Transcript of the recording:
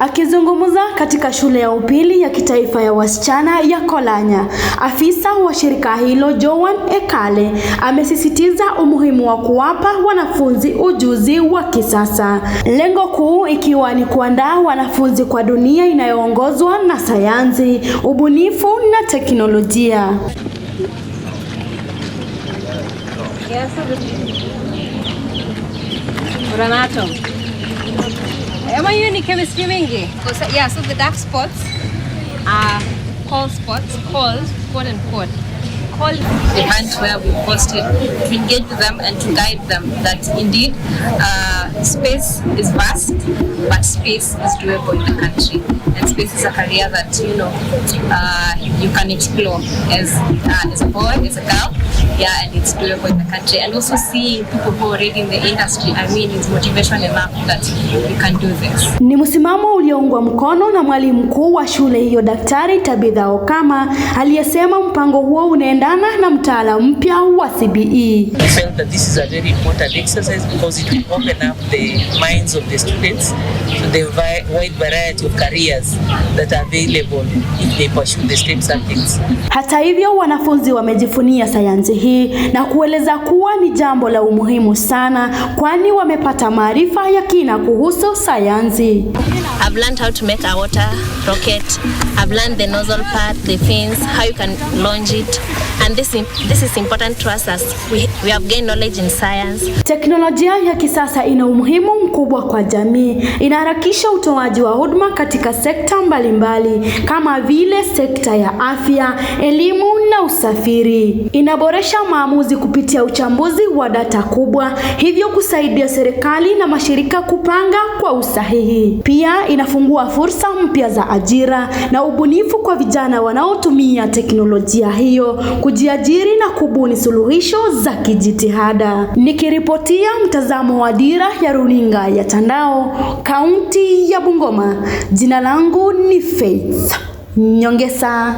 Akizungumza katika shule ya upili ya kitaifa ya wasichana ya Kolanya, afisa wa shirika hilo Joan Ekale amesisitiza umuhimu wa kuwapa wanafunzi ujuzi wa kisasa, lengo kuu ikiwa ni kuandaa wanafunzi kwa dunia inayoongozwa na sayansi, ubunifu na teknolojia. Yes, ama hiyo ni chemistry mingi. Yeah, so the dark spots are coal spots, coal, quote unquote. Coal hunt where we posted to engage them and to guide them that indeed uh, space is vast but space is doable in the country and space is a career that you know uh, you can explore as, uh, as a boy, as a girl it's doable in the country. And also seeing people who are already in the industry, I mean, it's motivation enough that you can do this. Ni msimamo ulioungwa mkono na mwalimu mkuu wa shule hiyo Daktari Tabitha Okama aliyesema mpango huo unaendana na mtaala mpya wa CBE. We felt that this is a very important exercise because it will open up the minds of the students to the wide variety of careers that are available if they pursue the STEM subjects. Hata hivyo, wanafunzi wamejifunia sayansi hii na kueleza kuwa ni jambo la umuhimu sana, kwani wamepata maarifa ya kina kuhusu sayansi. I've learned how to make a water rocket. I've learned the nozzle part, the fins, how you can launch it and this, this is important to us as we, we have gained knowledge in science. Teknolojia ya kisasa ina umuhimu mkubwa kwa jamii. Inaharakisha utoaji wa huduma katika sekta mbalimbali mbali, kama vile sekta ya afya, elimu na usafiri. Inaboresha maamuzi kupitia uchambuzi wa data kubwa, hivyo kusaidia serikali na mashirika kupanga kwa usahihi. Pia inafungua fursa mpya za ajira na ubunifu kwa vijana wanaotumia teknolojia hiyo kuj kujiajiri na kubuni suluhisho za kijitihada. Nikiripotia mtazamo wa Dira ya Runinga ya Tandao, kaunti ya Bungoma, jina langu ni Faith Nyongesa.